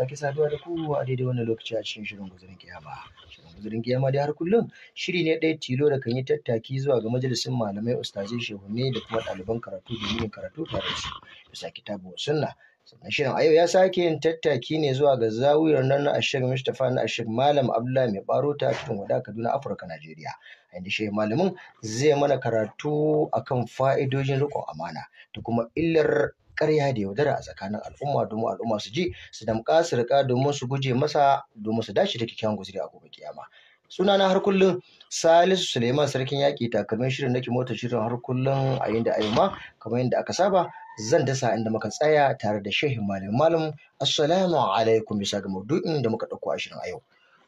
sake saduwa da ku a daidai wannan lokaci a cikin shirin guzurin kiyama shirin guzurin kiyama dai har kullum shiri ne ɗaya tilo da kan yi tattaki zuwa ga majalisin malamai ustazai shehunne da kuma ɗaliban karatu domin karatu tare da su bisa kitabu sunna sannan shirin a yau ya sake yin tattaki ne zuwa ga zawiyar nan na ashir mustapha na ashir malam abdullahi mai baro ta cikin wada kaduna afirka najeriya A inda shehu malamin zai mana karatu akan fa'idojin riƙon amana da kuma illar ƙarya da yaudara a tsakanin al'umma domin al'umma su ji su damƙa su riƙa domin su guje masa domin su dace da kyakkyawan guzuri a gobe kiyama sunana har kullum salisu suleiman sarkin yaƙi takalmin shirin nake mota shirin har kullum a yin ayyuma kamar yadda aka saba zan dasa inda muka tsaya tare da shehin malam malam assalamu alaikum bisa ga maudu'in da muka ɗauko a shirin a yau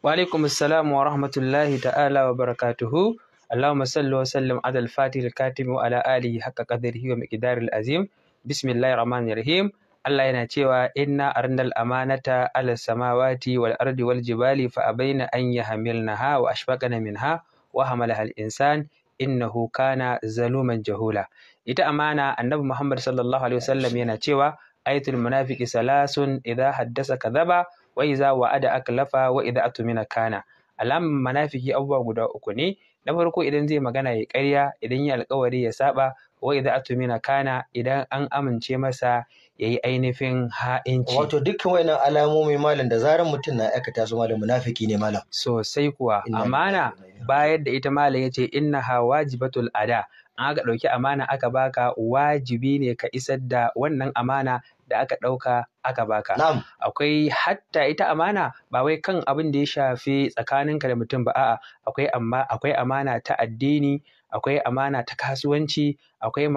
wa alaikum assalam wa rahmatullahi ta'ala wa barakatuhu اللهم صل وسلم على الفاتح الكاتب وعلى آله حق قدره ومقدار العظيم bismillahir rahmanir rahim Allah yana cewa inna arnal amanata ala samawati wal ardi wal jibali fa abaina an yahmilnaha wa ashfaqana minha wa hamalaha insan innahu kana zaluman jahula ita amana annabi Muhammad sallallahu alaihi wasallam yana cewa ayatul munafiqi salasun idza haddasa kadhaba wa idza wa'ada aklafa wa idza atumina kana alamun munafiki abubuwa guda uku ne na farko idan zai magana ya ƙarya idan ya alkawari ya saba wa idza atumina kana idan an amince masa yayi ainihin ha'inci wato dukkan wayannan alamomi malam da zaran mutum na aikata su malam munafiki ne malam sosai kuwa amana bayar da ita malam yace ha wajibatul ada an aka ɗauki amana aka baka wajibi ne ka isar da wannan amana da aka ɗauka aka baka. Akwai hatta ita amana ba wai kan abin da ya shafi tsakaninka da mutum ba a'a akwai amma akwai amana ta addini akwai amana ta kasuwanci akwai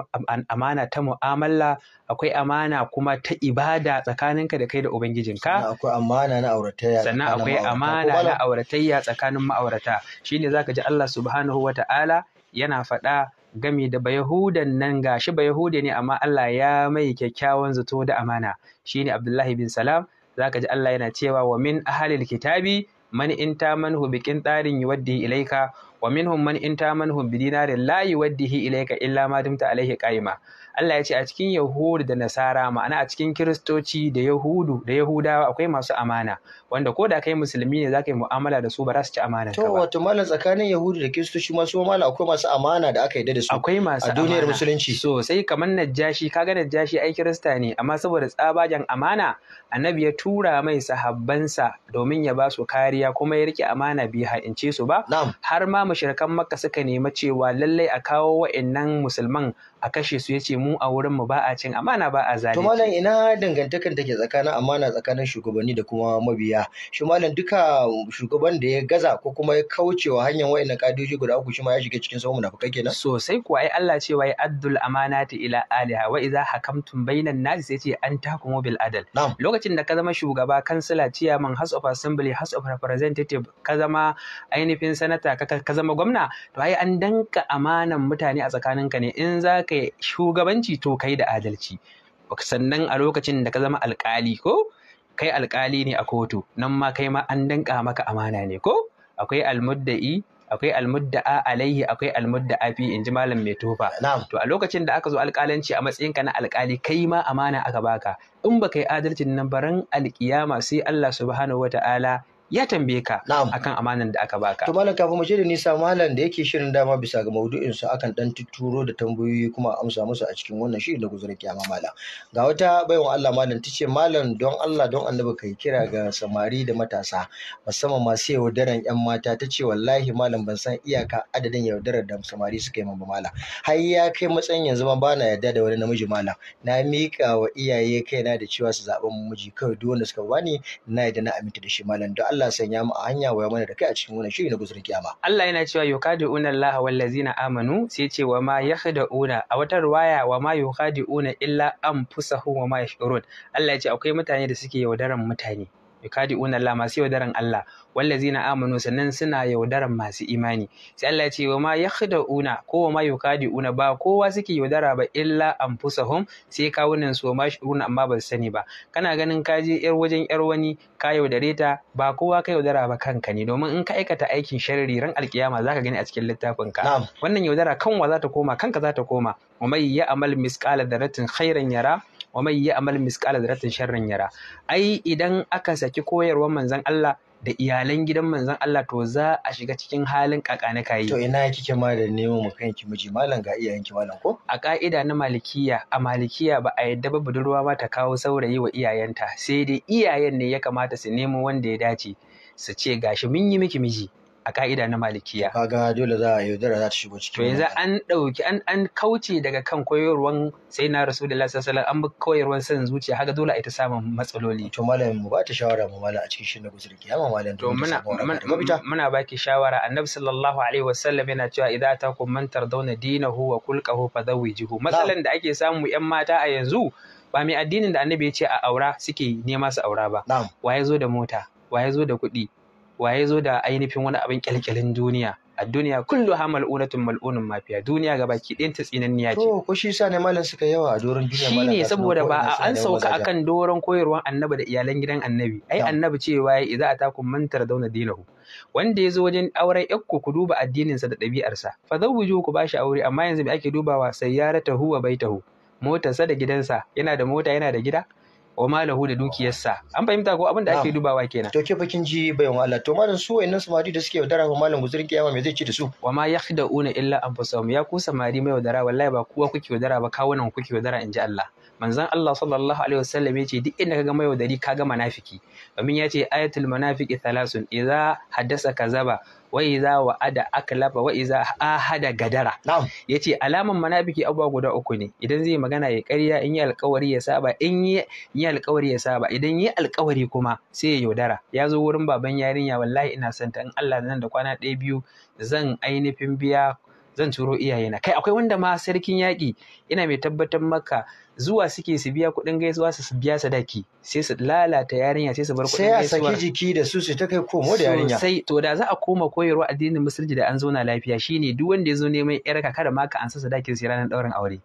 amana ta mu'amala akwai amana kuma ta ibada tsakaninka da kai da ubangijinka akwai amana na auratayya sannan akwai amana na auratayya tsakanin ma'aurata shine zaka ji Allah subhanahu wata'ala yana faɗa gami da Bayahudan nan ga shi Bayahude ne amma Allah ya mai kyakkyawan zato da amana shine Abdullahi bin Salam zaka ji Allah yana cewa wa min ahalil kitabi man in tamanhu biqin tsarin yuwaddi ilaika wa minhum man in tamanhu bi dinarin la yuwaddihi ilayka illa ma dumta alaihi qaima Allah ya ce a cikin Yahudu da Nasara ma'ana a cikin Kiristoci da Yahudu da Yahudawa akwai masu amana wanda ko da kai musulmi ne zaka yi mu'amala da su ba za su ci amana ka ba. To wato malam tsakanin Yahudu da Kiristoci ma su malam akwai masu amana da aka yi da su. Akwai masu amana. A duniyar musulunci. So sai kamar Najashi kaga Najashi ai Kirista ne amma saboda tsabagen amana Annabi ya tura mai sahabbansa domin ya ba su kariya kuma ya rike amana in ce su ba. Har ma mashirkan makka suka nemi cewa lallai a kawo wa'annan musulman a kashe su ya ce mu a wurinmu ba a cin amana ba a zalunci to malam ina dangantakan take tsakanin amana tsakanin shugabanni da kuma mabiya shi malam duka shugaban da ya gaza ko kuma ya kaucewa hanyar na kadoji guda uku shi ma ya shiga cikin sauran munafikai kenan sosai kuwa ai Allah cewa ya addul amanati ila aliha wa idza hakamtum bainan nas sai ce an takumu bil adal lokacin da ka zama shugaba kansila chairman house of assembly house of representative ka zama ainihin sanata ka zama gwamna to ai an danka amanan mutane a tsakaninka ne in za ka ka shugabanci to kai da adalci sannan a lokacin da ka zama alkali ko kai alkali ne a kotu nan ma kai ma an danka maka amana ne ko akwai almudda'i akwai almudda'a alayhi akwai almudda'a fi ji malam mai tofa to a lokacin da aka zo alƙalanci a matsayin ka na alƙali kai ma amana aka baka in baka yi adalcin nan baran alƙiyama sai Allah subhanahu wata'ala ya tambaye ka akan amanan da aka baka to malam kafin mu je da nisa malam da yake shirin dama bisa ga maudu'in su akan dan tuturo da tambayoyi kuma amsa musu a cikin wannan shirin da guzurin kiyama malam ga wata baiwan Allah malam tace malam don Allah don annabi kai kira ga samari da matasa musamman masu yaudaran yan mata tace wallahi malam ban san iyaka adadin yaudarar da samari suka yi ba malam har ya kai matsayin yanzu ma bana yarda da wani namiji malam na mika wa iyaye kaina da cewa su zaɓi miji kai, duk wanda suka bani na yarda na aminta da shi malam don Allah sanya mu a hanya waya mana da kai a cikin wannan shiri na guzurin kiyama Allah yana cewa yuqadi'una Allah wallazina amanu sai ce wa ma una a wata riwaya wa ma yuqadi'una illa anfusahum wa ma yashurun Allah ya ce akwai mutane da suke yaudaran mutane yukadi'una Allah masu yaudaran Allah zina amanu sannan suna yaudaran masu imani sai Allah ya ce wa ma una ko wa ma una? ba kowa suke yaudara ba illa anfusahum sai kawunan su ma shuruna amma ba su sani ba kana ganin ka je yar wajen yar wani ka yaudare ta ba kowa ka yaudara ba kanka ne domin in ka aikata aikin shariri ran alkiyama zaka gani a cikin littafin ka wannan yaudara kanwa za ta koma kanka za ta koma wa mai ya amal misqala daratin khairan yara wa mai yi amal da ratin sharrin yara ai idan aka saki koyarwar manzon Allah da iyalan gidan manzon Allah to za a shiga cikin halin kakana kai to ina kike ma da neman mu ki miji malam ga iyayenki malam ko a ka'ida na malikiya a malikiya ba a yadda ba budurwa ma ta kawo saurayi wa iyayenta sai dai iyayen ne ya kamata su nemo wanda ya dace su ce gashi mun yi miki miji a ka'ida na malikiya kaga dole za a yaudara za ta shigo cikin to yanzu an ɗauki an an kauce daga kan koyarwan sai na rasulullahi sallallahu alaihi wasallam an bi koyarwan san zuciya haka dole a ita samun matsaloli to malam mu ba ta shawara mu malam a cikin shirin gusur kiyama malam to muna muna baki shawara annabi sallallahu alaihi wasallam yana cewa idza takum man tardawna dinahu wa kulqahu fadawijihu matsalan da ake samu yan mata a yanzu ba mai addinin da annabi ya ce a aura suke nema su aura ba wa ya zo da mota wa ya zo da kuɗi waye zo da ainihin wani abin kyalkyalin duniya a duniya kullu ha mal'unatun mal'unun mafiya duniya ga baki ɗin ta tsinanniya ce to ko shi sa ne malam suka yawa a doron duniya malam shine saboda ba a an sauka akan doron koyarwar annabi da iyalan gidan annabi ai annabi cewa ya idza atakum man tardawna dinahu wanda ya zo wajen auren yakku ku duba addininsa da ɗabi'arsa fa zawwiju ku bashi aure amma yanzu me ake dubawa sayyaratahu wa baitahu motarsa da gidansa yana da mota yana da gida wa da dukiyarsa an fahimta ko abin da ake dubawa kenan to ke bakin ji bayan Allah to malam su wayannan samari da suke yaudara wa malam guzurin kiyama me zai ci da su wa ma yakhda'una illa anfusahum ya ku samari mai yaudara wallahi ba kowa kuke yaudara ba kawunan kuke yaudara inji Allah manzon Allah sallallahu alaihi wasallam yace duk inda kaga mai yaudari kaga munafiki domin yace ayatul munafiqi thalasun idza haddasa kazaba Wa'iza wa ada aklafa wa'iza a ahada gadara yace alaman manabiki abuwa guda uku ne idan zai magana ya ƙarya in yi alƙawari ya saba in yi alƙawari ya saba idan yi alƙawari kuma sai ya yaudara ya zo wurin baban yarinya wallahi ina santa in Allah nan da kwana ɗaya biyu zan ainihin biya zan turo iyaye na. kai akwai wanda ma sarkin yaki. ina mai tabbatar maka zuwa suke su biya kuɗin gaisuwa su biya sadaki sai su lalata yarinya sai su bar kuɗin gaisuwa sai a saki jiki da su su ta kai komo da yarinya sai to da za a koma koyarwa addinin musulunci da an zo zauna lafiya shine duk wanda ya zo neman yarka kada ma ka ansa sadakin sai ranar daurin aure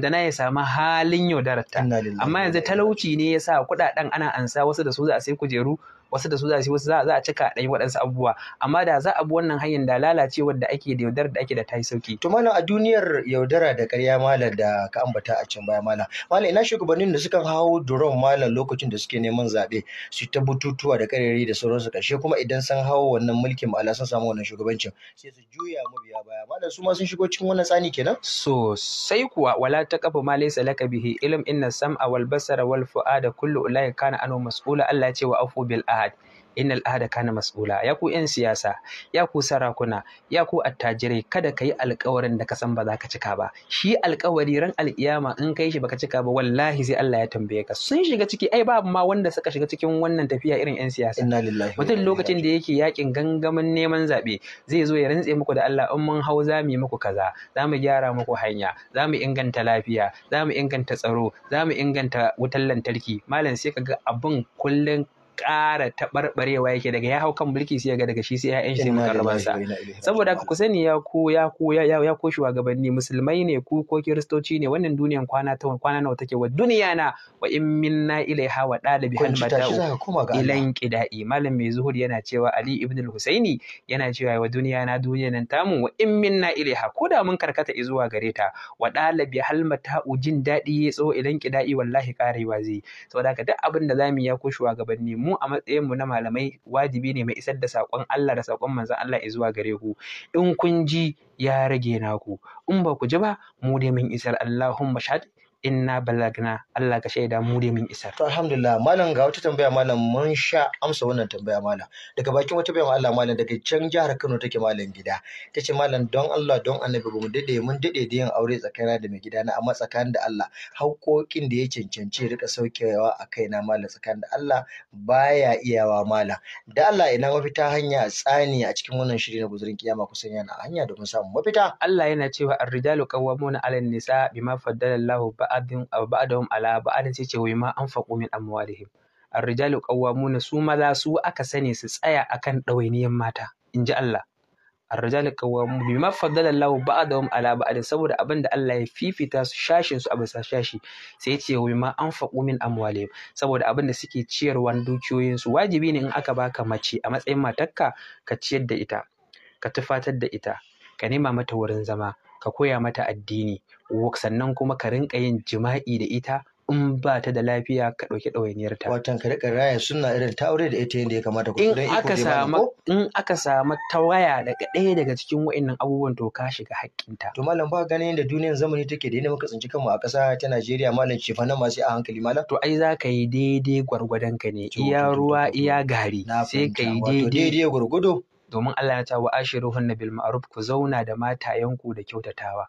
da na ya samu halin yaudararta amma yanzu talauci ne ya sa kuɗaɗen ana ansa wasu da su za a sai kujeru wasu da su za su wasu za a cika ɗan waɗansu abubuwa amma da za a bi wannan hanyar da lalacewar da ake da yaudar da ake da ta yi sauki. to malam a duniyar yaudara da karya malam da ka ambata a can baya malam malam ina shugabannin da sukan hawo duron malam lokacin da suke neman zaɓe su ta bututuwa da ƙarere da sauransu ƙarshe kuma idan sun hawo wannan mulkin ma'ala sun samu wannan shugabancin sai su juya mabiya baya malam su ma sun shigo cikin wannan tsani kenan. sosai kuwa wala ta kafa ma laysa laka bihi ilm inna sam'a wal basara wal fu'ada kullu ulai kana anu mas'ula Allah ya ce wa afu bil ahad inna ahada kana mas'ula ya ku yan siyasa ya ku sarakuna ya ku attajirai kada ka yi alkawarin da ka san ba za ka cika ba shi alƙawari ran alkiyama in kai shi baka cika ba wallahi sai Allah ya tambaye ka sun shiga ciki ai babu ma wanda suka shiga cikin wannan tafiya irin yan siyasa inna lillahi mutum lokacin da yake yakin gangamin neman zaɓe zai zo ya rantse muku da Allah in mun hau zamu mu yi muku kaza zamu gyara muku hanya zamu inganta lafiya zamu inganta tsaro za mu inganta wutar lantarki malam sai kaga abun kullun ƙara taɓarɓarewa yake daga ya hau kan mulki sai ga daga shi sai ya'yan shi mukarrabansa saboda ku sani ya ku ya ku ya ya ku shugabanni musulmai ne ku ko kiristoci ne wannan duniyan kwana ta kwana nawa take wa duniya na wa in minna ilaiha wa dalibi hal mata'u ilan qida'i malam mai zuhur yana cewa ali ibn al-husaini yana cewa wa duniya na duniyan nan tamu wa in minna ilaiha ko da mun karkata zuwa gare ta wa dalibi hal mata'u jin daɗi ya tso ilan qida'i wallahi karewa zai saboda ka duk abin da zamu ya ku shugabanni mu a matsayin mu na malamai wajibi ne mu isar da saƙon Allah da saƙon manzon Allah zuwa gare ku in kun ji ya rage naku in ba ku ji ba mu dai mun isar Allahumma shaɗi. inna balagna Allah ka shaida mu dai mun isar to alhamdulillah malam ga wata tambaya malam mun sha amsa wannan tambaya malam daga bakin wata tambaya Allah malam daga can jihar Kano take malam gida tace malam don Allah don annabi ba mu dade mun dade da yin aure tsakanin da mai gidana amma tsakanin da Allah haƙoƙin da ya cancanci rika saukewa a kaina malam tsakanin da Allah baya iyawa malam da Allah ina mafita hanya tsani a cikin wannan shiri na guzurin kiyama kusan yana hanya domin samun mafita Allah yana cewa ar-rijalu qawwamuna 'alan nisa bima faddala Allahu ba ba'dahum ala ba'din sai ce wai ma anfaqu min amwalihim ar-rijalu qawwamuna su maza su aka sani su tsaya akan ɗawainiyan mata inji Allah ar-rijalu qawwamu bima faddala Allah ba'dahum ala ba'din saboda abin da Allah ya fifita su shashin su a bisa shashi sai ce wai ma anfaqu min amwalihim saboda abin da suke ciyarwan dukiyoyin su wajibi ne in aka baka mace a matsayin matarka ka ciyar da ita ka tufatar da ita ka nema mata wurin zama ka koya mata addini sannan kuma ka rinka yin jima'i da ita in ba ta da lafiya ka ɗauki ɗawainiyar ta. Watan ka riƙa raya suna irin ta aure da ita yadda ya kamata ku in aka samu in aka samu tawaya daga ɗaya daga cikin wa'annan abubuwan to ka shiga haƙƙin ta. To malam ba ganin yadda duniyar zamani take da yadda muka tsinci kanmu a ƙasa ta Najeriya malam ce fa masu a hankali malam. To ai za ka yi daidai gwargwadon ka ne iya ruwa iya gari sai ka yi daidai. Wato daidai gwargwado. domin Allah ya ce wa ashiruhunna bil ma'ruf ku zauna da matayenku da kyautatawa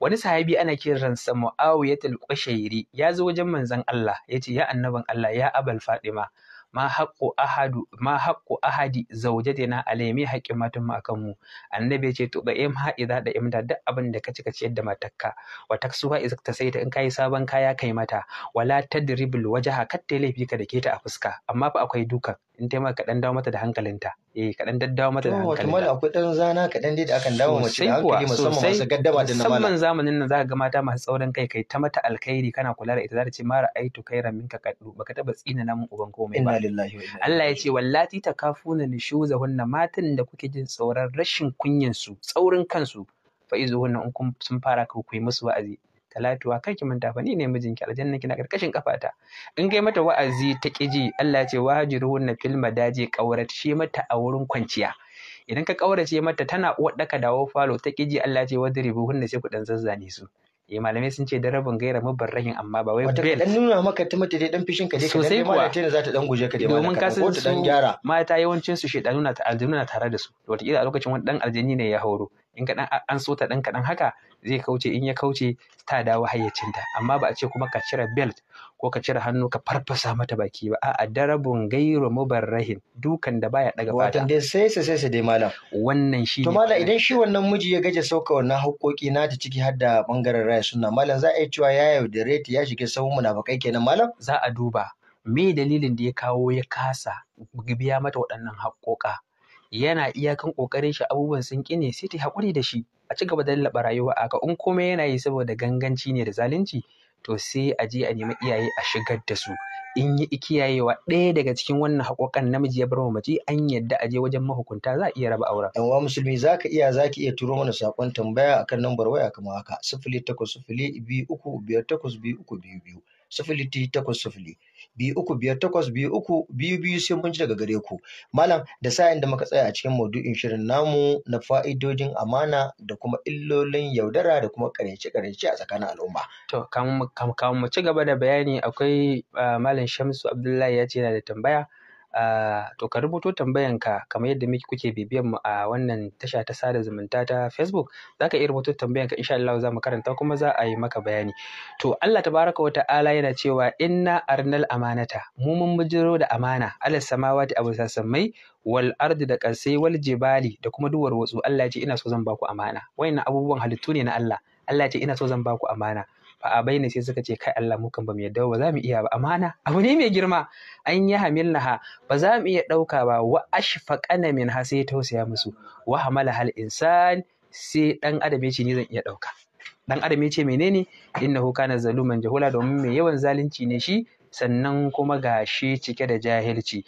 wani sahabi ana kiransa Muawiyatul Qushairi ya zo wajen manzon Allah yace ya annabin Allah ya abal fadima ma haqqu ahadu ma haqqu ahadi zawjatina alaymi haqqi matan mu akan mu annabi yace to ba im ha idza da imda duk abin da cika kaci yadda matakka wa taksuha idza ta saita in kai sabon kaya kai mata wala tadribul wajha katta laifi ka dake ta a fuska amma fa akwai dukan in ta maka kaɗan dawo mata da hankalinta eh kaɗan daddawo mata da hankalinta to wato akwai ɗan zana kaɗan dai da akan dawo mace da hankali musamman masu gaddama da na musamman zamanin nan zaka ga mata masu tsaurin kai kai ta mata alkhairi kana kula da ita za ta ce mara aitu kairan minka kaddu baka taba tsina namun uban mai ba inna Allah ya ce wallati shuza nishuzahunna matan da kuke jin tsoron rashin kunyansu tsaurin kansu fa izuhunna in kun sun fara ku yi musu wa'azi talatuwa kar ki manta fa ni ne mijinki aljanna kina karkashin kafata in kai mata wa'azi ta kiji Allah ce wahajiruhunna fil madaji qawrat shi mata a wurin kwanciya idan ka kaurace mata tana wadaka dawo falo ta kiji Allah ce wadribuhunna sai ku dan zazzane su eh malamai sun ce darabin gaira barrahin amma ba wai bel dan nuna maka ta mata dai dan fishin ka dai ka dai ta tana za ta dan guje ka dai domin ta san su mata yawancin su shedanu na ta aljanu na tare da su wataƙila a lokacin wani dan aljani ne ya hauro in kaɗan an so ta ɗan kaɗan haka zai kauce in ya kauce ta dawo hayyacinta amma ba a ce kuma ka cire belt ko ka cire hannu ka farfasa mata baki ba a'a darabun gairu mubarrahin dukan da baya daga fata watan dai sai sai sai dai malam wannan shi to malam idan shi wannan miji ya gaje sauka wannan haƙoƙi na ta ciki har da bangaren raya sunna malam za a yi cewa ya yaudare ta ya shiga sahun munafukai kenan malam za a duba me dalilin da ya kawo ya kasa biya mata waɗannan haƙoƙa yana iyakan ƙoƙarin shi abubuwan sun ƙi ne sai ta haƙuri da shi a ci gaba da lallaɓa rayuwa a in komai yana yi saboda ganganci ne da zalunci to sai a je a nemi iyaye a shigar da su in yi kiyayewa ɗaya daga cikin wannan haƙoƙan namiji ya bar wa mace an yadda a je wajen mahukunta za a iya raba auren. Yanwa wa musulmi za ka iya za ki iya turo mana saƙon tambaya akan lambar waya kamar haka sifili takwas sifili biyu uku biyar takwas biyu uku biyu biyu. sifiliti takwas sifili biyu uku biyar takwas biyu uku biyu biyu sai mun ji daga gare ku malam da sa'in da muka tsaya a cikin maudu'in shirin namu na fa'idodin amana da kuma illolin yaudara da kuma karyace karyace a tsakanin al'umma to mu ci gaba da bayani akwai ah, malam Shamsu Abdullahi ya ce yana da tambaya Ah, to ka rubuto ka kamar yadda muke kuke bibiyan mu a wannan tasha ta sada zumunta ta Facebook za ka iya rubuto tambayanka insha Allah za mu karanta kuma za a yi maka bayani to Allah tabaraka wa ta'ala yana cewa inna arnal amanata mu mun mujiro da amana ala samawati abu sassamai wal ardi da kasai wal jibali da kuma duwar watsu Allah ya ce ina so zan baku amana wayannan abubuwan halittu ne na Allah Allah ya ce ina so zan baku amana bai abaina sai suka ce kai Allah mukan ba mu yadda ba za mu iya ba amana abu ne mai girma an yi hamilnaha ba za mu iya ɗauka ba wa ashfaqana min ha sai tausaya musu wa hamala hal insan sai dan adam yace ce ni zan iya ɗauka dan adam yace ce menene innahu kana zaluman jahula domin mai yawan zalunci ne shi sannan kuma gashi cike da jahilci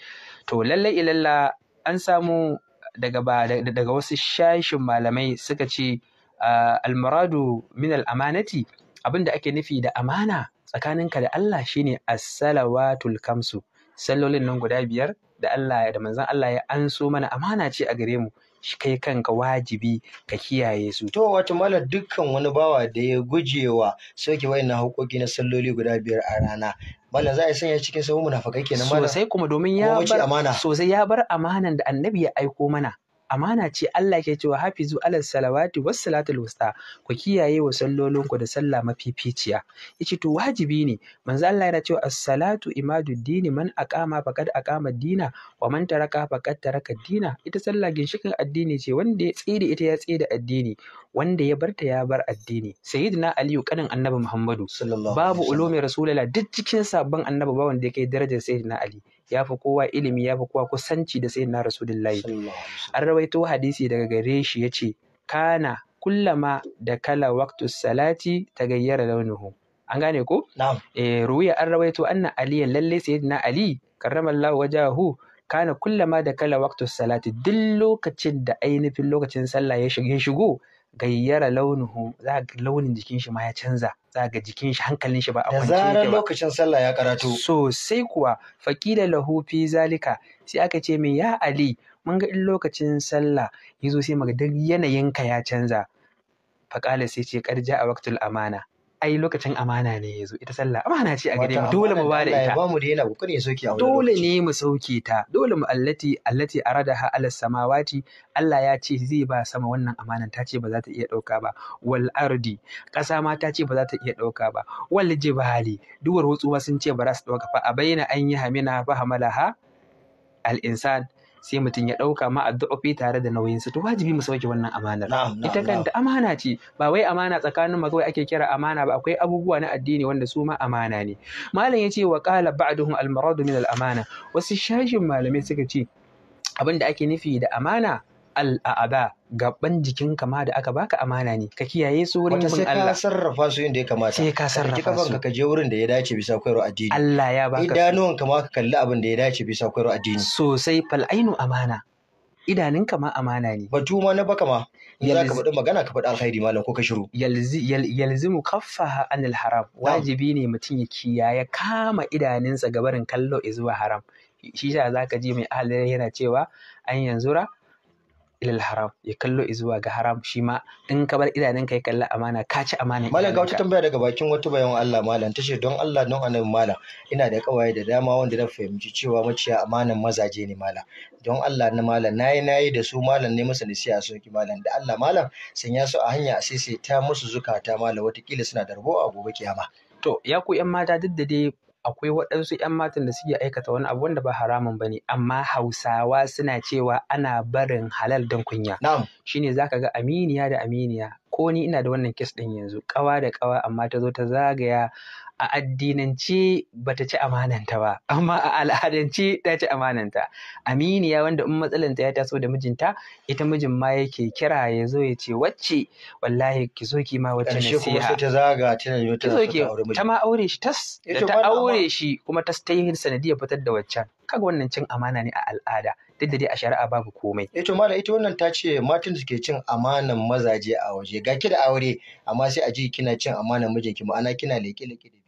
to lalle ilalla an samu daga daga wasu shashin malamai suka ce ah, almaradu min amanati. abin da ake nufi da amana tsakaninka da Allah shine as-salawatul kamsu sallolin nan guda biyar da Allah da manzon Allah ya anso mana amana ce a gare mu shi kai kanka wajibi ka kiyaye su to wato mala dukkan wani bawa da ya gujewa soke wayannan hukoki na salloli guda biyar a rana wannan za a sanya cikin sahun munafakai kenan mala sosai kuma domin ya bar sosai ya bar amanan da annabi ya aiko mana amana ce Allah ke cewa hafizu alal salawati was salatul wusta ku kiyaye wa ku da sallah mafificiya yace to wajibi ne manzo Allah yana cewa as-salatu imaduddini man aqama faqad aqama dina wa man taraka faqad taraka dina ita sallah ginshikin addini ce wanda ya tsire ita ya tsire addini wanda ya barta ya bar addini sayyidina aliyu kanin annabi muhammadu babu ulumi rasulullah duk cikin sabon annabi ba wanda ya kai darajar sayyidina ali ya fi kowa ilimi ya fi kowa kusanci da sayyidina rasulullahi an rawaito hadisi daga gare shi ya yace kana kullama da kala waktu salati ta gayyara launuhu an gane ko eh ruwiya an rawaito anna aliyan lalle sayyidina ali karramallahu wajahu kana kullama da kala waktu salati duk lokacin da ainihin lokacin sallah ya shigo gayyara launuhu za ga launin jikin shi ma ya canza za ga jikin shi hankalin shi ba a kwance yake ba da lokacin sallah ya karatu so sai kuwa faqila lahu fi zalika sai aka ce min ya ali mun ga in lokacin sallah yazo sai muga duk ka ya canza faqala sai ce karja a waqtul amana ai lokacin amana ne ya zo ita sallah amana ce a gare mu dole mu bada ita mu daina kokari a dole ne mu sauke ta dole mu allati allati aradaha ala samawati Allah ya ce zai ba sama wannan amanan ta ce ba za ta iya dauka ba wal ardi kasa ma ta ce ba za ta iya dauka ba wal jibali duwar wutsuwa sun ce ba za su dauka fa a bayyana an yi hamina fa hamalaha al insan sai mutum ya ɗauka ma addu'o'i tare da nauyinsa to wajibi mu sauke wannan amanar ita kanta amana ce ba wai amana tsakanin mu kawai ake kira amana ba akwai abubuwa na addini wanda su ma amana ne malam yace wa qala ba'duhum al-maradu min al-amana wasu shashin malamai suka ce abin da ake nufi da amana al'aba gaban jikin kama da aka baka amana ne ka kiyaye su wurin bin Allah sai ka sarrafa su inda ya kamata sai ka sarrafa su ka je wurin da ya dace bisa koyarwar addini Allah ya baka idanuwan ma ka kalli abin da ya dace bisa koyarwar addini sosai fal ainu amana ka ma amana ne batu ma na baka ma in za ka faɗi magana ka faɗi alkhairi malam ko ka shiru mu kaffaha anil haram wajibi ne mutum ya kiyaye kama idanunsa gabarin kallo zuwa haram shi yasa zaka ji mai ahalin yana cewa an yanzura ilal haram ya kallo izuwa ga haram shi ma in ka bar idanun ka ya kalla amana ka ci amana malam ga wata tambaya daga bakin wata bayan Allah malam tace don Allah don annabi malam ina da kawaye da dama wanda na fahimci cewa maciya amanan mazaje ne malam don Allah na malam nayi nayi da su malam ne musu nasiha sun ki malam da Allah malam sanya su a hanya sai sai ta musu zukata malam watakila suna da a gobe kiyama to ya ku yan mata duk da dai akwai waɗansu 'yan matan da suke aikata wani abu wanda ba haramun ba ne amma hausawa suna cewa ana barin halal don kunya Shi shine zaka ga aminiya da aminiya ko ni ina da wannan kes ɗin yanzu ƙawa da ƙawa amma ta zo ta zagaya a addinance bata ci amananta ba amma a al'adance ta ci amananta aminiya wanda in matsalanta ya taso da mijinta ita mijin ma yake kira ya zo ya ce wacce wallahi ki zo ki ma wacce nasiha ta zaga ta ta aure ta ma aure shi tas ta aure shi kuma tas ta yi sanadiyar fitar da waccan kaga wannan cin amana ne a al'ada duk da dai a shari'a babu komai eh to malam ita wannan ta ce matan da suke cin amanan mazaje a waje ga ki da aure amma sai a ji kina cin amanan mijinki ma'ana kina leke leke da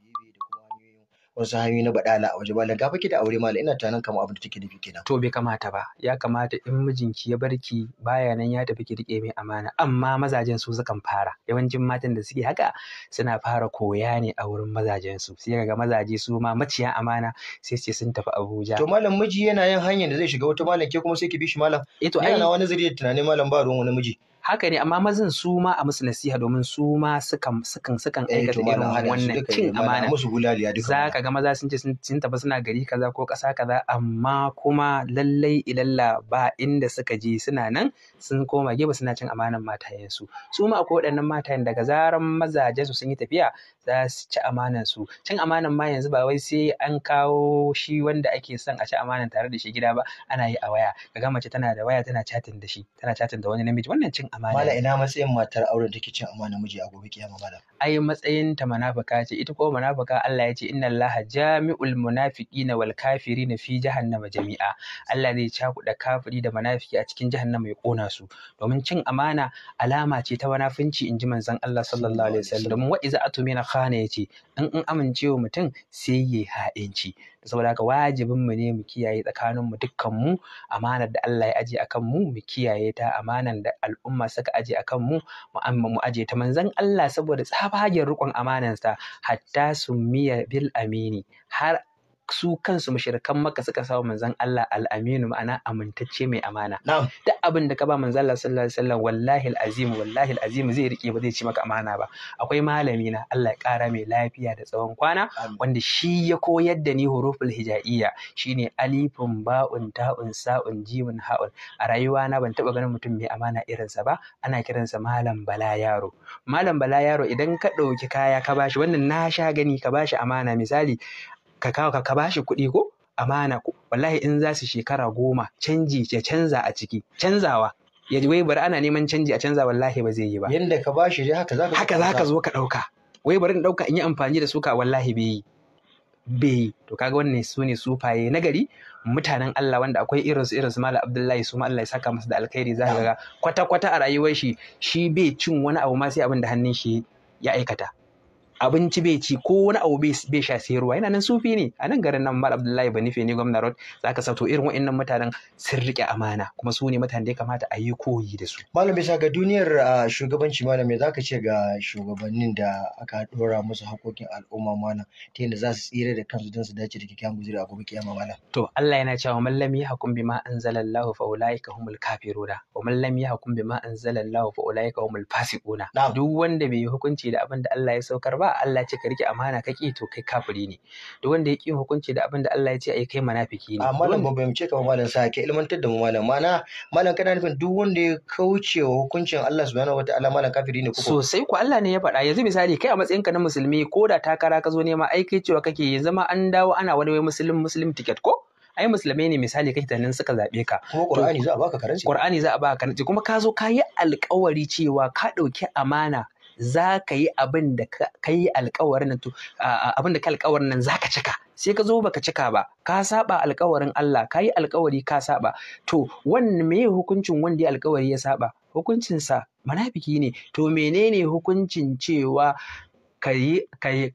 wasu hanyoyi na baɗala a waje ba ga ki da aure malam ina tunanin kamar abin da take nufi kenan to bai kamata ba ya kamata in mijinki ya barki baya nan ya tafi ki rike mai amana amma mazajen su sukan fara yawancin matan da suke haka suna fara koya ne a wurin mazajen su sai kaga mazaje su ma maciya amana sai ce sun tafi Abuja to malam miji yana yin hanyar da zai shiga wata malam ke kuma sai ki bi shi malam eh to ai wani zuriyar da tunanin malam ba ruwan wani miji haka ne amma mazan su ma a musu nasiha domin su ma sukan sukan sukan eh, aikata irin wannan cin amana za ka ga maza sun ce sun tafi suna gari kaza ko ƙasa kaza amma kuma lallai ilalla ba inda suka je suna nan sun koma gefe suna cin amanan matayen su su ma akwai waɗannan matayen daga zaran mazaje su sun yi tafiya za su ci amanan su cin amanan ma yanzu ba wai sai an kawo shi wanda ake son a ci amanan tare da shi gida ba ana yi a waya ga mace tana da waya tana chatting da shi tana chatting da wani namiji wannan cin amana mala ina matsayin matar auren take cin amana miji a gobe kiyama mala ai matsayin ta munafika ce ita ko munafika Allah ya ce inna Allah jami'ul munafiqina wal kafirina fi jahannama jami'a Allah zai cakuɗa kafiri da munafiki a cikin jahannama ya kona su domin cin amana alama ce ta munafinci in ji manzon Allah sallallahu alaihi wasallam domin wa iza atumina khana yace in in wa mutum sai yayi ha'inci saboda haka wajibin mu ne mu kiyaye tsakanin mu dukkan mu amanar da Allah ya aje akan mu mu kiyaye ta amanar da al'umma suka aje akan mu mu amma mu aje ta manzon Allah saboda tsabagen riƙon amanarsa hatta summiya bil amini har su kansu mushrikan maka suka sawa manzon Allah al-aminu ma'ana amintacce mai amana duk abin da ka ba manzon Allah sallallahu alaihi wasallam wallahi al-azim wallahi al-azim zai rike ba zai ci maka amana ba akwai malami na Allah ya kara mai lafiya da tsawon kwana wanda shi ya koyar da ni huruful hija'iyya shine alifun ba'un ta'un sa'un jimin ha'un a rayuwa na ban taba ganin mutum mai amana irin sa ba ana kiransa malam bala yaro malam bala yaro idan ka ɗauki kaya ka bashi wannan na sha gani ka bashi amana misali ka kawo ka bashi kuɗi ko amana ko wallahi in za su shekara goma canji ya canza a ciki canzawa ya wai bari ana neman canji a canza wallahi ba zai yi ba yanda ka bashi dai haka zaka haka zaka zo ka ɗauka wai bari in ɗauka in yi amfani da suka ka wallahi bai yi bai yi. to kaga wannan su ne sufaye na gari mutanen Allah wanda akwai irinsu irinsu Malam Abdullahi su ma Allah ya saka masa da alkhairi za ka ga kwata kwata a rayuwar shi shi bai cin wani abu ma sai abin da hannun shi ya aikata abinci bai ci ko wani abu bai sha sai ruwa yana nan sufi ne a nan garin nan mal abdullahi ba Nufi ne gwamna Za ka sato irin nan mutanen sun rike amana kuma su ne mutanen da ya kamata a yi koyi da su malam bisa ga duniyar shugabanci malam me zaka ce ga shugabannin da aka dora musu haƙoƙin al'umma mana, ta yadda za su tsira da kansu don su dace da kyakkyawan guzuri a gobe kiyama malam to Allah yana cewa man lam yahkum bima anzalallahu fa ka humul kafiruna wa man lam yahkum bima anzalallahu fa ka humul fasiquna duk wanda bai yi hukunci da abin da Allah ya saukar ba ba Allah ce ka rike amana ka ki to kai kafiri ne duk wanda ya ki hukunci da abin da Allah ya ce ai kai munafiki ne amma nan ban bayyance kamar malam sa ka ilmantar da mu malam mana malam kana nufin duk wanda ya kauce wa hukuncin Allah subhanahu wataala malam kafiri ne ko sosai ku Allah ne ya faɗa yanzu misali kai a matsayinka na musulmi ko da takara ka zo nema ai kai cewa kake yanzu ma an dawo ana wani wai muslim muslim ticket ko ai musulmai ne misali kai tunanin suka zaɓe ka kuma qur'ani za a baka karanci qur'ani za a baka karanci kuma ka zo ka yi alƙawari cewa ka ɗauki amana za ka yi abin da ka yi alkawarin abin da ka nan za ka cika sai ka zo baka cika ba ka saba alkawarin Allah ka yi alkawari ka saba to wani me hukuncin wanda ya alkawari ya saba hukuncinsa manafiki ne to menene hukuncin cewa ka yi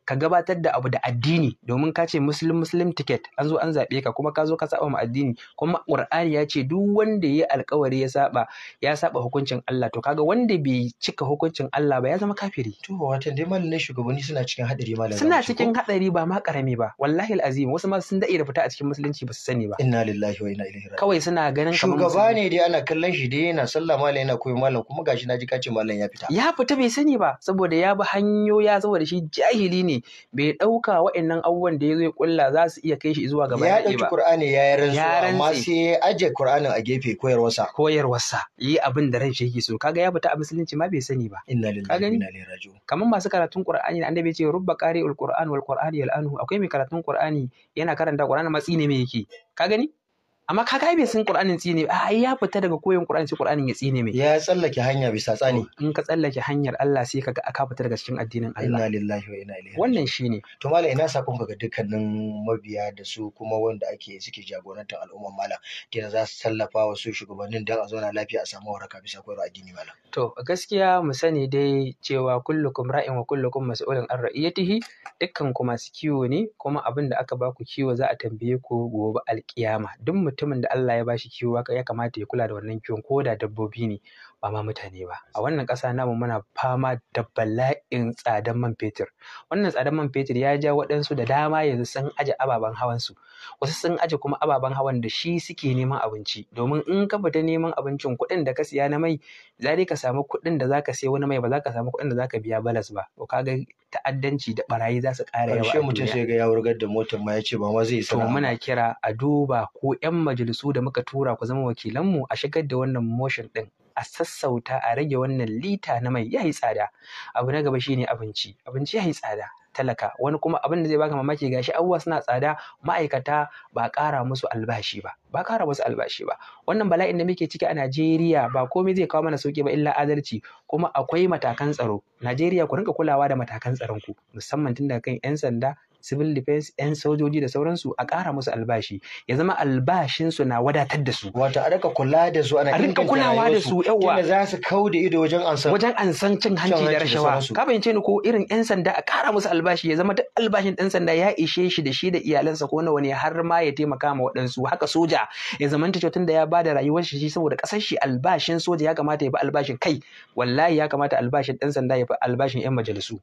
ka gabatar da abu da addini domin ka ce muslim muslim ticket an zo an zaɓe ka kuma ka zo ka saba ma addini kuma qur'ani ya ce duk wanda ya alkawari ya saba ya saba hukuncin Allah to kaga wanda bai cika hukuncin Allah ba ya zama kafiri to watan dai mallamin shugabanni suna cikin hadari mallamin suna cikin hadari ba ma karami ba wallahi alazim wasu ma sun dade da fita a cikin musulunci ba su sani ba inna lillahi wa inna ilaihi raji'un kawai suna ganin kamar shugaba ne dai ana kallon shi dai yana sallah malam yana koyi malam. kuma gashi naji ka ce ya fita ya fita bai sani ba saboda ya bi hanyoyi ya saboda shi jahili ne bai ɗauka wa'annan abubuwan da ya zo ya kulla za su iya kai shi zuwa gaba ya ɗauki Qur'ani ya yi rantsuwa amma sai ya aje Qur'anin a gefe koyarwarsa koyarwarsa yi abin da ran shi yake so kaga ya fita a musulunci ma bai sani ba inna lillahi wa inna ilaihi raji'un kamar masu karatun Qur'ani da annabi ce rubba qari'ul Qur'an wal Qur'ani yal'anhu akwai mai karatun Qur'ani yana karanta Qur'ani matsi ne me yake ka gani amma ka kai bai san Qur'anin tsine ba ya fita daga koyon Qur'ani sai Qur'anin ya tsine mai ya tsallake hanya bisa tsani in ka tsallake hanyar Allah sai kaga aka fita daga cikin addinin Allah inna lillahi wa inna ilaihi wannan shine to mala ina sakon ga dukkanin mabiya da su kuma wanda ake suke jagorantar al'ummar mala kina za su tallafa wa su shugabannin dan a zauna lafiya a samu waraka bisa koyar addini mala to gaskiya mu sani dai cewa kullukum ra'in wa kullukum mas'ulun an ra'iyatihi dukkan ku masu kiwo ne kuma abin da aka baku kiwo za a tambaye ku gobe alkiyama duk mutum mutumin da Allah ya bashi kiwo ya kamata ya kula da wannan kiwon ko da dabbobi ne ba ma mutane ba a wannan ƙasa namu muna fama da bala'in tsadan man fetur wannan tsadan man fetur ya ja waɗansu da dama yanzu sun aje ababen hawan su wasu sun aje kuma ababen hawan da shi suke neman abinci domin in ka fita neman abincin kuɗin da ka siya na mai za ka samu kuɗin da zaka sai wani mai ba za ka samu kuɗin da zaka biya balas ba to kaga ta'addanci da barayi za su ƙara yawa a mutum sai ga ya wurgar da motar ma ya ce ba ma zai to muna kira a duba ko 'yan majalisu da muka tura ku zama wakilanmu a shigar da wannan motion ɗin a sassauta a rage wannan lita na mai yayi tsada abu na gaba shine abinci abinci ya yi tsada talaka wani kuma abin da zai baka mamaki gashi abubuwa suna tsada ma'aikata ba ƙara musu albashi ba ba ƙara musu albashi ba wannan bala'in da muke ciki a Najeriya ba komai zai kawo mana sauki ba illa adalci kuma akwai matakan tsaro Najeriya ku rinka kulawa da matakan tsaron ku musamman tun daga kan 'yan sanda civil defense 'yan sojoji da sauransu a ƙara musu albashi ya zama albashinsu na wadatar da su wato a rika kula da su ana rika kulawa da su yawa za su kau da ido wajen ansan wajen ansan cin hanci da rashawa ka ce ni ko irin 'yan sanda a ƙara musu albashi ya zama duk albashin ɗan sanda ya ishe shi da shi da iyalansa ko na wani har ma ya taimaka ma waɗansu haka soja ya zamanta cewa da ya da rayuwar shi saboda ƙasar shi albashin soja ya kamata ya bi albashin kai wallahi ya kamata albashin ɗan sanda ya bi albashin 'yan majalisu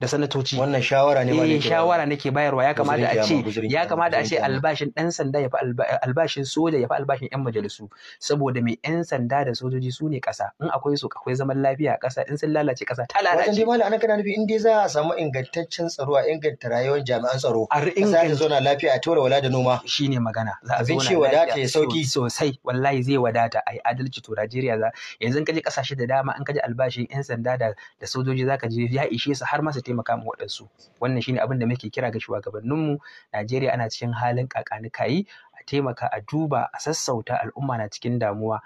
da sanatoci wannan shawara ne eh shawara nake bayarwa ya kamata a ce ya kamata a ce albashin dan sanda ya fi albashin soja ya fi albashin yan majalisu saboda mai yan sanda da sojoji su ne kasa in akwai su akwai zaman lafiya a kasa in sun lalace kasa ta lalace wajen malam ana kana nufi in dai za a samu ingantaccen tsaro a inganta rayuwar jami'an tsaro a inganta zauna lafiya a tura wala da noma shine magana za a zauna wadata ya sauki sosai wallahi zai wadata ai adalci to Najeriya za yanzu kaje kasashe da dama an kaje albashin yan sanda da sojoji zaka je ya ishe su har ma su taimaka ma waɗansu wannan shine abin da muke kira ga shugabanninmu Najeriya ana cikin halin kakanikayi a taimaka a duba a sassauta al'umma na cikin damuwa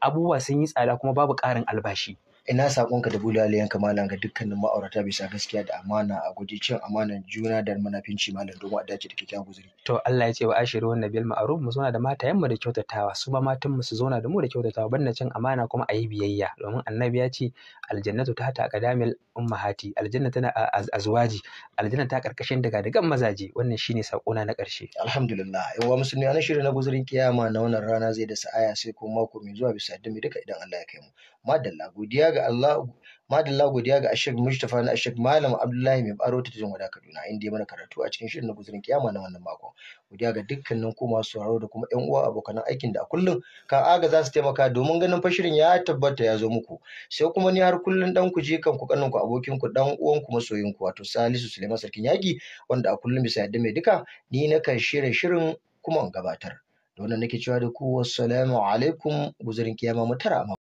abubuwa sun yi tsada kuma babu ƙarin albashi Ina saƙonka da bulaleyenka malam ga dukkanin ma'aurata bisa gaskiya da amana a guji cin amanan juna da manafinci malam domin a dace da kyakkyawan guzuri. To Allah ya ce wa ashiru wannan bil ma'ruf mu zauna da matayen mu da kyautatawa su ma matan mu su zauna da mu da kyautatawa banda cin amana kuma ayi biyayya domin annabi ya ce aljannatu ta ta aqdamil ummahati aljanna tana azwaji aljanna ta karkashin daga dagan mazaje wannan shine sakona na ƙarshe. Alhamdulillah wa musulmi na shirin na guzurin kiyama na wannan rana zai da sa'aya sai kuma mako mai zuwa bisa dumi duka idan Allah ya kai mu. madalla godiya ga Allah madalla godiya ga Ashek Mustafa na Ashek Malam Abdullahi mai baro ta jin wada Kaduna inda ya mana karatu a cikin shirin na guzurin kiyama na wannan makon godiya ga dukkanin ku masu sauraro da kuma ƴan uwa abokan aikin da a kullum ka aga za su taimaka domin ganin fa shirin ya tabbata ya zo muku sai kuma ni har kullun dan ku je kan ku kanin ku abokin ku dan uwan ku masoyin ku wato Salisu Suleiman Sarkin Yaki wanda a kullum bisa yadda mai duka ni na kan shirin shirin kuma gabatar da wannan nake cewa da ku wassalamu alaikum guzurin kiyama mu